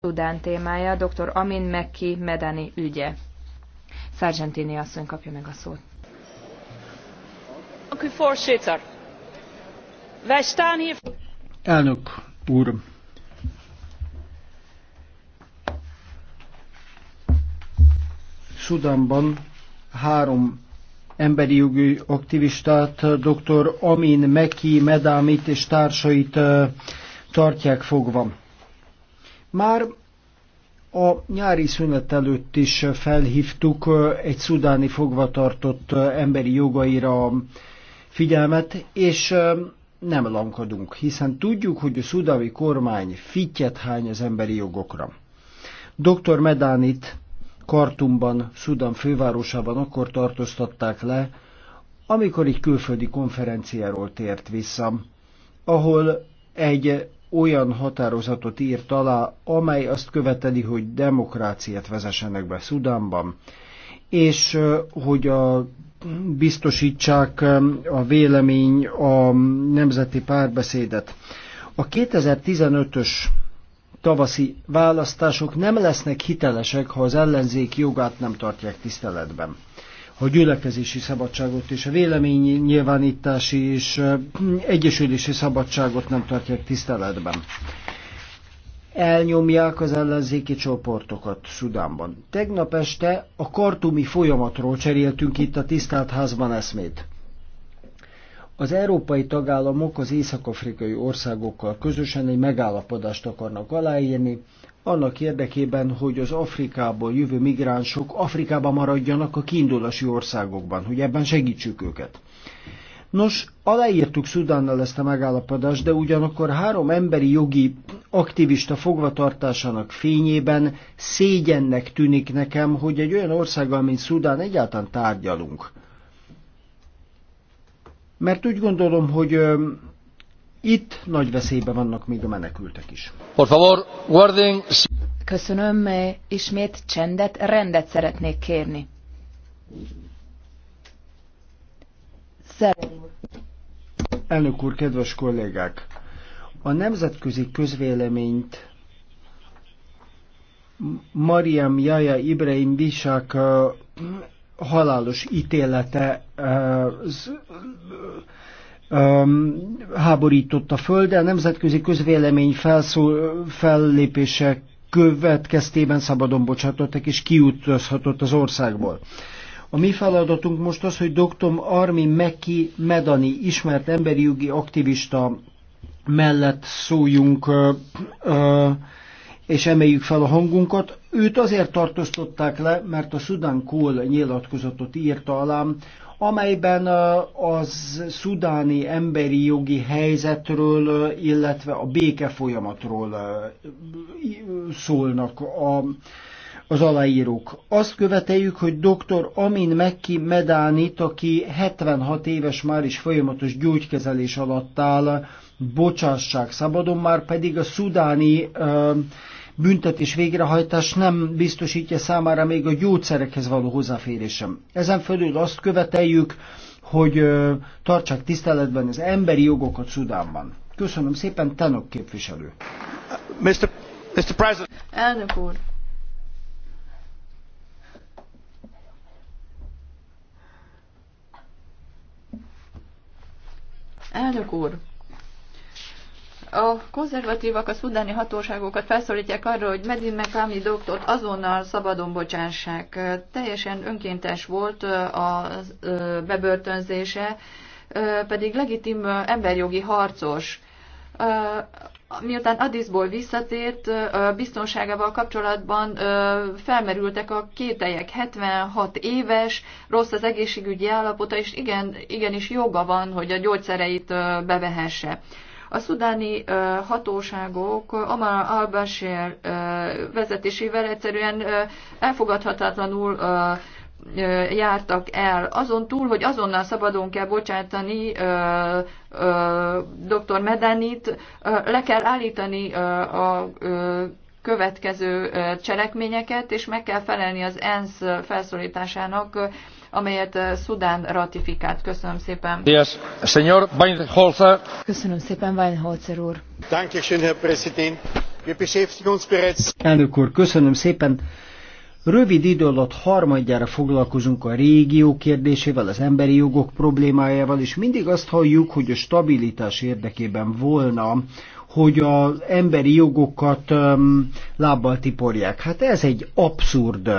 Szudán témája, dr. Amin Mekki Medani ügye. Sargentini asszony kapja meg a szót. Elnök úr, Sudánban három emberi jogi aktivistát, dr. Amin Meki Medámit és társait eh, tartják fogva már a nyári szünet előtt is felhívtuk egy szudáni fogvatartott emberi jogaira figyelmet, és nem lankadunk, hiszen tudjuk, hogy a szudáni kormány fittyet hány az emberi jogokra. Dr. Medánit Kartumban, Szudan fővárosában akkor tartóztatták le, amikor egy külföldi konferenciáról tért vissza, ahol egy olyan határozatot írt alá, amely azt követeli, hogy demokráciát vezessenek be Szudánban, és hogy a biztosítsák a vélemény, a nemzeti párbeszédet. A 2015-ös tavaszi választások nem lesznek hitelesek, ha az ellenzék jogát nem tartják tiszteletben a gyülekezési szabadságot és a véleménynyilvánítási és egyesülési szabadságot nem tartják tiszteletben. Elnyomják az ellenzéki csoportokat Szudánban. Tegnap este a kartumi folyamatról cseréltünk itt a tisztelt házban eszmét. Az európai tagállamok az észak-afrikai országokkal közösen egy megállapodást akarnak aláírni, annak érdekében, hogy az Afrikából jövő migránsok Afrikában maradjanak a kiindulási országokban, hogy ebben segítsük őket. Nos, aláírtuk Szudánnal ezt a megállapodást, de ugyanakkor három emberi jogi aktivista fogvatartásának fényében szégyennek tűnik nekem, hogy egy olyan országgal, mint Szudán egyáltalán tárgyalunk. Mert úgy gondolom, hogy itt nagy veszélyben vannak még a menekültek is. Por favor, guarden... Köszönöm, eh, ismét csendet, rendet szeretnék kérni. Szerint. Elnök úr, kedves kollégák! A nemzetközi közvéleményt Mariam Jaja Ibrahim Bishak eh, halálos ítélete eh, um, háborított a föld, a nemzetközi közvélemény felszól, fellépése következtében szabadon bocsátottak és kiutazhatott az országból. A mi feladatunk most az, hogy dr. Armi Meki Medani, ismert emberi jogi aktivista mellett szóljunk ö, ö, és emeljük fel a hangunkat. Őt azért tartóztották le, mert a Sudan Kohl nyilatkozatot írta alám, amelyben az szudáni emberi jogi helyzetről, illetve a béke folyamatról szólnak a, az aláírók. Azt követeljük, hogy dr. Amin Mekki Medánit, aki 76 éves már is folyamatos gyógykezelés alatt áll, bocsássák szabadon, már pedig a szudáni uh, büntetés végrehajtás nem biztosítja számára még a gyógyszerekhez való hozzáférésem. Ezen fölül azt követeljük, hogy tartsák tiszteletben az emberi jogokat Szudánban. Köszönöm szépen, Tenok képviselő. Mr. Mr. President. Elnök úr. Elnök úr, a konzervatívak a szudáni hatóságokat felszólítják arra, hogy Medin Mekami doktort azonnal szabadon bocsássák. Teljesen önkéntes volt a bebörtönzése, pedig legitim emberjogi harcos. Miután Addisból visszatért, biztonságával kapcsolatban felmerültek a kételyek. 76 éves, rossz az egészségügyi állapota, és igen, igenis joga van, hogy a gyógyszereit bevehesse. A szudáni hatóságok Omar al-Bashir vezetésével egyszerűen elfogadhatatlanul jártak el, azon túl, hogy azonnal szabadon kell bocsátani dr. Medenit, le kell állítani a következő cselekményeket, és meg kell felelni az ENSZ felszólításának amelyet eh, Szudán ratifikált. Köszönöm szépen. Köszönöm szépen, Weinholzer úr. Elnök úr, köszönöm szépen. Rövid idő alatt harmadjára foglalkozunk a régió kérdésével, az emberi jogok problémájával, és mindig azt halljuk, hogy a stabilitás érdekében volna, hogy az emberi jogokat um, lábbal tiporják. Hát ez egy abszurd uh,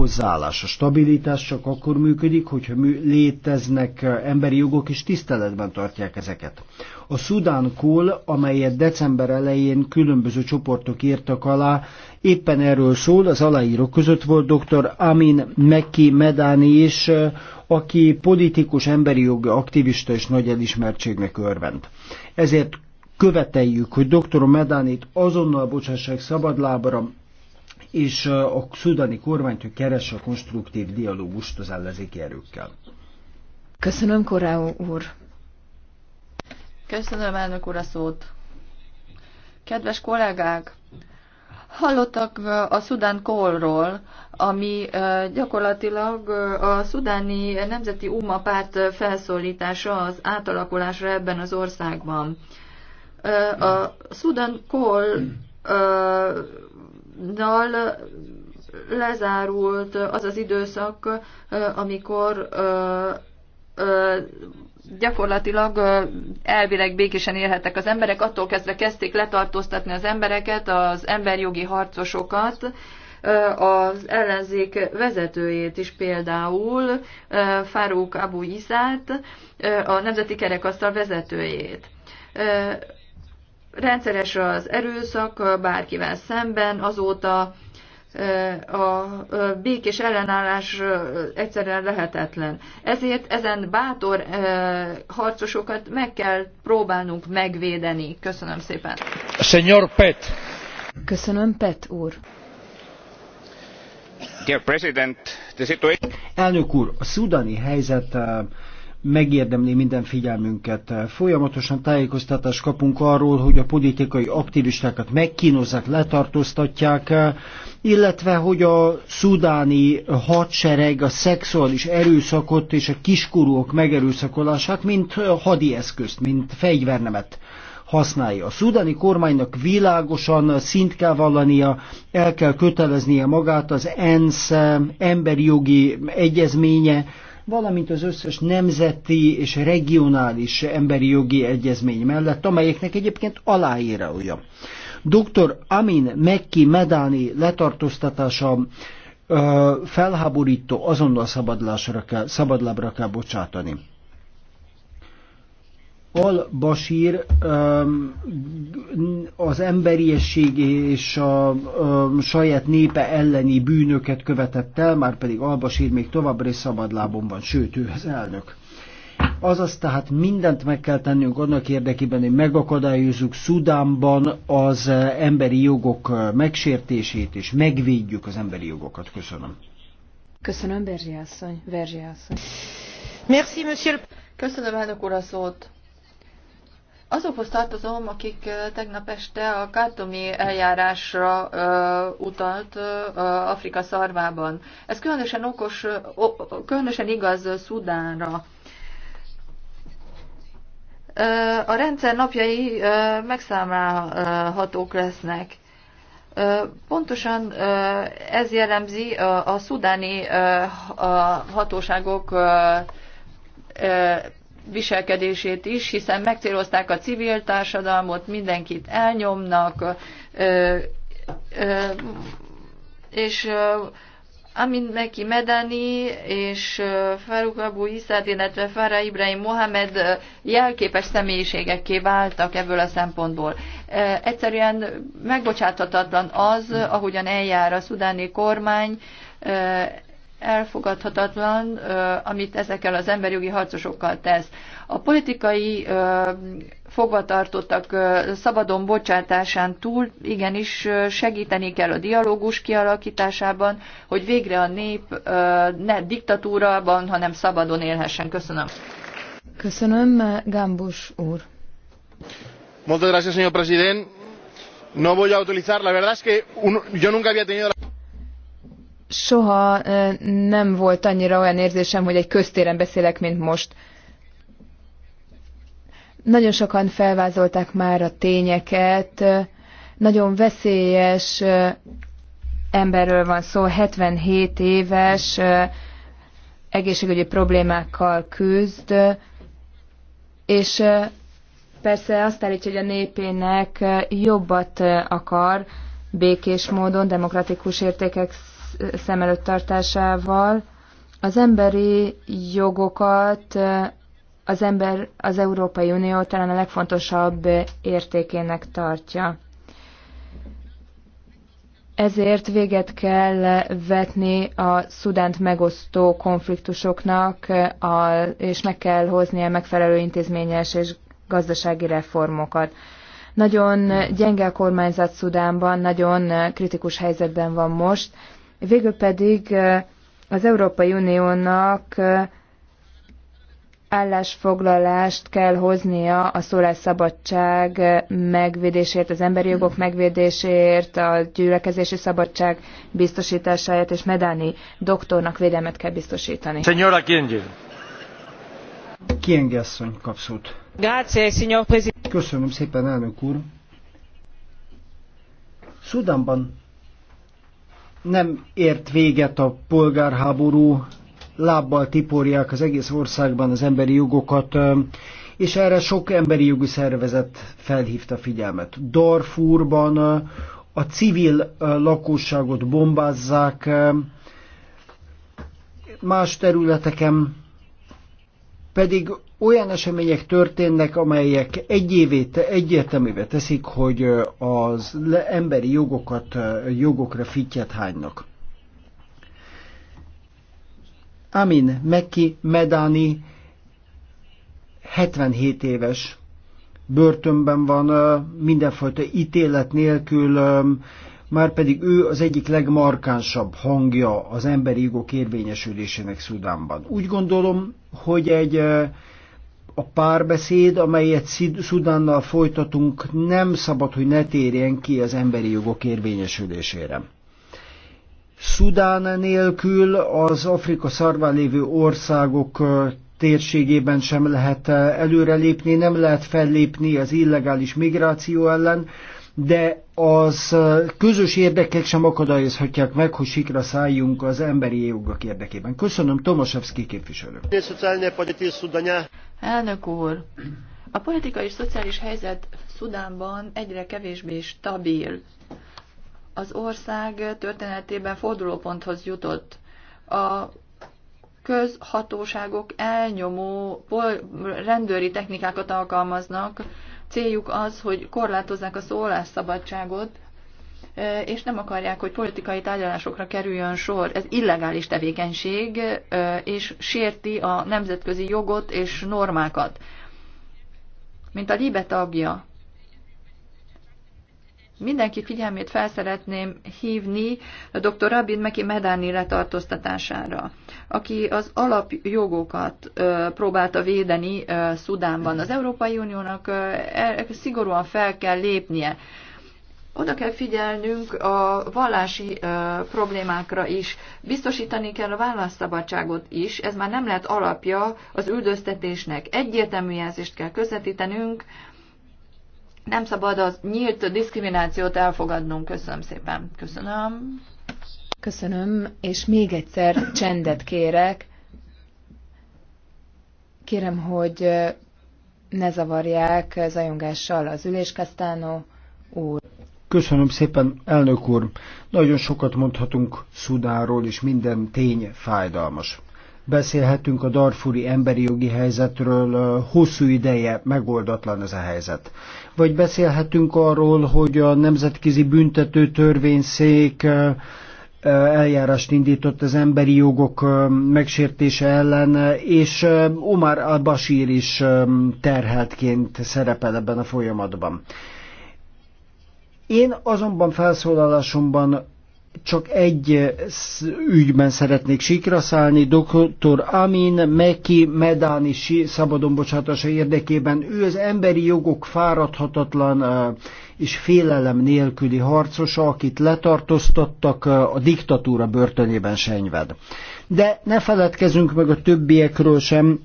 hozzáállás. A stabilitás csak akkor működik, hogyha léteznek eh, emberi jogok és tiszteletben tartják ezeket. A Sudan Kól, amelyet december elején különböző csoportok írtak alá, éppen erről szól, az aláírók között volt dr. Amin Meki Medani is, eh, aki politikus, emberi jogi aktivista és nagy elismertségnek örvend. Ezért követeljük, hogy dr. Medánit azonnal bocsássák szabadlábra, és a szudáni kormányt, hogy keresse a konstruktív dialógust az ellenzéki erőkkel. Köszönöm, Koráó úr. Köszönöm, elnök úr, a szót. Kedves kollégák, hallottak a Szudán Kólról, ami gyakorlatilag a szudáni Nemzeti Uma párt felszólítása az átalakulásra ebben az országban. A Szudán Kól dal lezárult az az időszak, amikor gyakorlatilag elvileg békésen élhettek az emberek, attól kezdve kezdték letartóztatni az embereket, az emberjogi harcosokat, az ellenzék vezetőjét is például, Fárók Abu Iszát, a Nemzeti Kerekasztal vezetőjét Rendszeres az erőszak bárkivel szemben, azóta a békés ellenállás egyszerűen lehetetlen. Ezért ezen bátor harcosokat meg kell próbálnunk megvédeni. Köszönöm szépen. Senyor Pet. Köszönöm, Pet úr. Dear President, the situation... Elnök úr, a szudáni helyzet megérdemli minden figyelmünket. Folyamatosan tájékoztatást kapunk arról, hogy a politikai aktivistákat megkínozzák, letartóztatják, illetve hogy a szudáni hadsereg a szexuális erőszakot és a kiskorúak megerőszakolását, mint hadi eszközt, mint fegyvernemet használja. A szudáni kormánynak világosan szint kell vallania, el kell köteleznie magát az ENSZ emberi jogi egyezménye, valamint az összes nemzeti és regionális emberi jogi egyezmény mellett, amelyeknek egyébként aláírója. Dr. Amin Mekki Medáni letartóztatása felháborító, azonnal szabadlásra kell, szabadlábra kell bocsátani. Al-Bashir az emberiesség és a saját népe elleni bűnöket követett el, már pedig Al-Bashir még továbbra is szabadlábon van, sőt ő az elnök. Azaz tehát mindent meg kell tennünk annak érdekében, hogy megakadályozzuk Szudánban az emberi jogok megsértését, és megvédjük az emberi jogokat. Köszönöm. Köszönöm, Berzsi asszony. Berzsi asszony. Merci, monsieur. Köszönöm, elnök úr, a szót. Azokhoz tartozom, akik tegnap este a kártomi eljárásra utalt Afrika szarvában. Ez különösen okos, különösen igaz Szudánra. A rendszer napjai megszámlálhatók lesznek. Pontosan ez jellemzi a szudáni hatóságok viselkedését is, hiszen megcélozták a civil társadalmot, mindenkit elnyomnak, és Amin Meki Medani és Faruk Abu Iszad, illetve Farah Ibrahim Mohamed jelképes személyiségekké váltak ebből a szempontból. Egyszerűen megbocsáthatatlan az, ahogyan eljár a szudáni kormány, elfogadhatatlan, amit ezekkel az emberjogi harcosokkal tesz. A politikai fogvatartottak szabadon bocsátásán túl igenis segíteni kell a dialógus kialakításában, hogy végre a nép ne diktatúrában, hanem szabadon élhessen. Köszönöm. Köszönöm, Gambus úr. Muchas gracias, señor presidente. No voy a utilizar, la verdad es que yo nunca había tenido la soha nem volt annyira olyan érzésem, hogy egy köztéren beszélek, mint most. Nagyon sokan felvázolták már a tényeket, nagyon veszélyes emberről van szó, 77 éves, egészségügyi problémákkal küzd, és persze azt állítja, hogy a népének jobbat akar, békés módon, demokratikus értékek szem előtt tartásával az emberi jogokat az ember az Európai Unió talán a legfontosabb értékének tartja. Ezért véget kell vetni a Szudánt megosztó konfliktusoknak, a, és meg kell hozni a megfelelő intézményes és gazdasági reformokat. Nagyon gyenge a kormányzat Szudánban, nagyon kritikus helyzetben van most, Végül pedig az Európai Uniónak állásfoglalást kell hoznia a szólásszabadság megvédésért, az emberi jogok megvédéséért, a gyülekezési szabadság biztosításáért, és Medáni doktornak védelmet kell biztosítani. Senyora Kiengi. Kiengi asszony kapszót. Grazie, signor Köszönöm szépen, elnök úr. Szudánban nem ért véget a polgárháború, lábbal tiporják az egész országban az emberi jogokat, és erre sok emberi jogi szervezet felhívta figyelmet. Darfurban a civil lakosságot bombázzák, más területeken pedig olyan események történnek, amelyek egyévét egyértelművé teszik, hogy az emberi jogokat, jogokra fittyet hánynak. Amin Mekki Medani 77 éves börtönben van, mindenfajta ítélet nélkül, már pedig ő az egyik legmarkánsabb hangja az emberi jogok érvényesülésének Szudánban. Úgy gondolom, hogy egy a párbeszéd, amelyet Szudánnal folytatunk, nem szabad, hogy ne térjen ki az emberi jogok érvényesülésére. Szudán nélkül az Afrika szarván lévő országok térségében sem lehet előrelépni, nem lehet fellépni az illegális migráció ellen, de az közös érdekek sem akadályozhatják meg, hogy sikra szálljunk az emberi jogok érdekében. Köszönöm, Tomaszewski képviselő. Elnök úr, a politikai és szociális helyzet Szudánban egyre kevésbé stabil. Az ország történetében fordulóponthoz jutott. A közhatóságok elnyomó rendőri technikákat alkalmaznak, céljuk az, hogy korlátozzák a szólásszabadságot, és nem akarják, hogy politikai tárgyalásokra kerüljön sor. Ez illegális tevékenység, és sérti a nemzetközi jogot és normákat. Mint a Libe tagja, Mindenki figyelmét felszeretném hívni dr. Rabin Meki Medáni letartóztatására, aki az alapjogokat próbálta védeni Szudánban. Az Európai Uniónak e, szigorúan fel kell lépnie oda kell figyelnünk a vallási ö, problémákra is. Biztosítani kell a válaszszabadságot is, ez már nem lehet alapja az üldöztetésnek. Egyértelmű jelzést kell közvetítenünk, nem szabad az nyílt diszkriminációt elfogadnunk. Köszönöm szépen. Köszönöm. Köszönöm, és még egyszer csendet kérek. Kérem, hogy ne zavarják zajongással az üléskasztánó úr. Köszönöm szépen, elnök úr. Nagyon sokat mondhatunk Szudáról, és minden tény fájdalmas. Beszélhetünk a darfuri emberi jogi helyzetről, hosszú ideje megoldatlan ez a helyzet. Vagy beszélhetünk arról, hogy a Nemzetközi Büntető Törvényszék eljárást indított az emberi jogok megsértése ellen, és Omar al-Bashir is terheltként szerepel ebben a folyamatban. Én azonban felszólalásomban csak egy eh, ügyben szeretnék síkra szállni, dr. Amin Meki Medáni szabadon bocsátása érdekében. Ő az emberi jogok fáradhatatlan eh, és félelem nélküli harcosa, akit letartóztattak, eh, a diktatúra börtönében senyved. De ne feledkezünk meg a többiekről sem,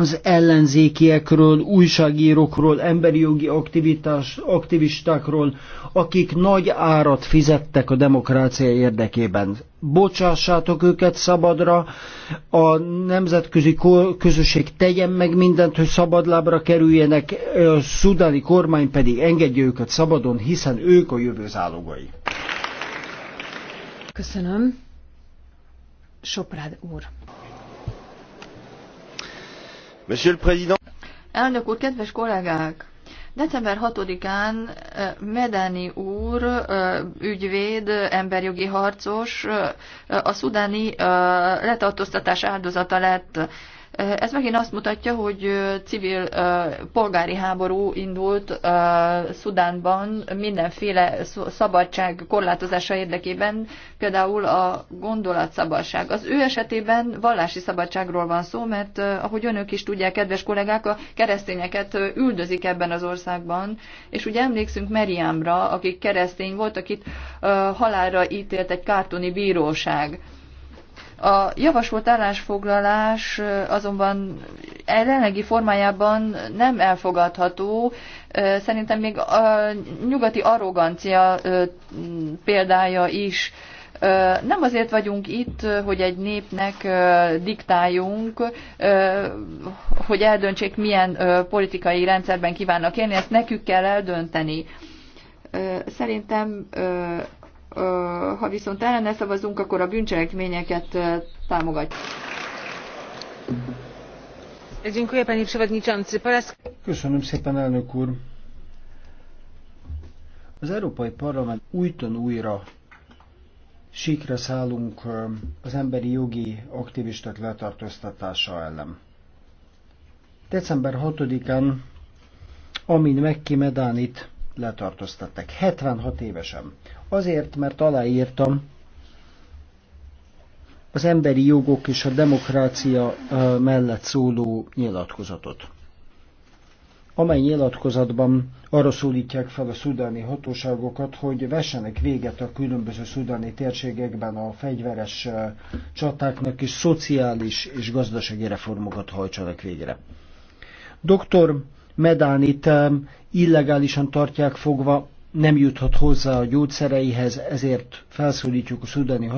az ellenzékiekről, újságírókról, emberi jogi aktivitás, aktivistákról, akik nagy árat fizettek a demokrácia érdekében. Bocsássátok őket szabadra, a nemzetközi közösség tegyen meg mindent, hogy szabadlábra kerüljenek, a szudáni kormány pedig engedje őket szabadon, hiszen ők a jövő zálogai. Köszönöm. Soprád úr. Monsieur le Président. Elnök úr, kedves kollégák! December 6-án eh, Medani úr, eh, ügyvéd, emberjogi harcos, eh, a szudáni letartóztatás áldozata lett. Ez megint azt mutatja, hogy civil polgári háború indult Szudánban mindenféle szabadság korlátozása érdekében, például a gondolatszabadság. Az ő esetében vallási szabadságról van szó, mert ahogy önök is tudják, kedves kollégák, a keresztényeket üldözik ebben az országban, és ugye emlékszünk Meriámra, aki keresztény volt, akit halálra ítélt egy kártoni bíróság a javasolt állásfoglalás azonban e jelenlegi formájában nem elfogadható. Szerintem még a nyugati arrogancia példája is. Nem azért vagyunk itt, hogy egy népnek diktáljunk, hogy eldöntsék, milyen politikai rendszerben kívánnak élni, ezt nekük kell eldönteni. Szerintem ha viszont ellene szavazunk, akkor a bűncselekményeket támogatjuk. Köszönöm szépen, elnök úr! Az Európai Parlament újton újra síkra szállunk az emberi jogi aktivisták letartóztatása ellen. December 6-án Amin Mekki Medánit letartóztattak. 76 évesen. Azért, mert aláírtam az emberi jogok és a demokrácia mellett szóló nyilatkozatot amely nyilatkozatban arra szólítják fel a szudáni hatóságokat, hogy vessenek véget a különböző szudáni térségekben a fegyveres csatáknak, és szociális és gazdasági reformokat hajtsanak végre. Dr. Medánit illegálisan tartják fogva, nem juthat hozzá a gyógyszereihez, ezért felszólítjuk a szudáni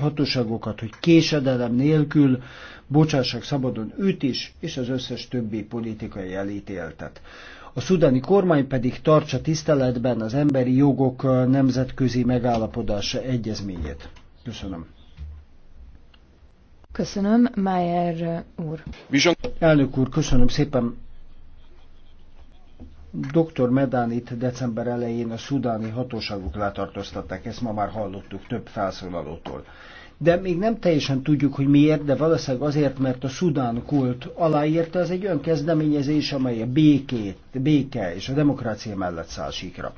hatóságokat, hogy késedelem nélkül bocsássák szabadon őt is, és az összes többi politikai elítéltet. A szudáni kormány pedig tartsa tiszteletben az emberi jogok nemzetközi megállapodása egyezményét. Köszönöm. Köszönöm, Mayer úr. Elnök úr, köszönöm szépen. Dr. Medánit december elején a szudáni hatóságok letartóztatták, ezt ma már hallottuk több felszólalótól. De még nem teljesen tudjuk, hogy miért, de valószínűleg azért, mert a Szudán kult aláírta, ez egy olyan kezdeményezés, amely a békét, béke és a demokrácia mellett száll síkra.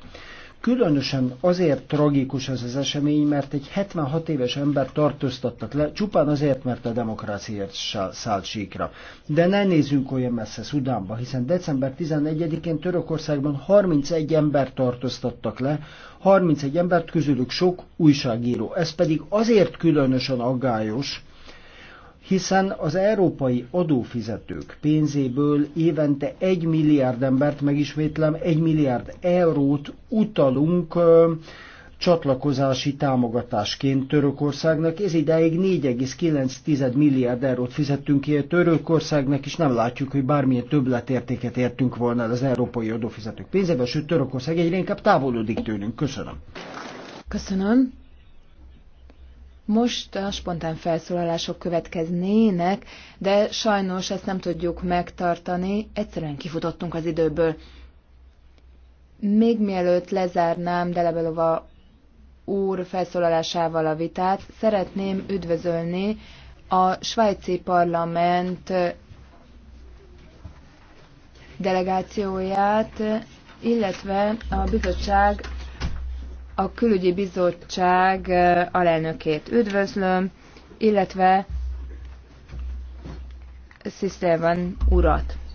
Különösen azért tragikus ez az esemény, mert egy 76 éves ember tartóztattak le, csupán azért, mert a demokráciáért szállt síkra. De ne nézzünk olyan messze Szudánba, hiszen december 11-én Törökországban 31 ember tartóztattak le, 31 embert közülük sok újságíró. Ez pedig azért különösen aggályos, hiszen az európai adófizetők pénzéből évente egy milliárd embert, megismétlem, egy milliárd eurót utalunk ö, csatlakozási támogatásként Törökországnak. Ez ideig 4,9 milliárd eurót fizettünk ki a Törökországnak, és nem látjuk, hogy bármilyen többletértéket értünk volna az európai adófizetők pénzéből, sőt Törökország egyre inkább távolodik tőlünk. Köszönöm. Köszönöm. Most a spontán felszólalások következnének, de sajnos ezt nem tudjuk megtartani, egyszerűen kifutottunk az időből. Még mielőtt lezárnám Delebelova úr felszólalásával a vitát, szeretném üdvözölni a svájci parlament delegációját, illetve a bizottság a külügyi bizottság alelnökét üdvözlöm, illetve van urat.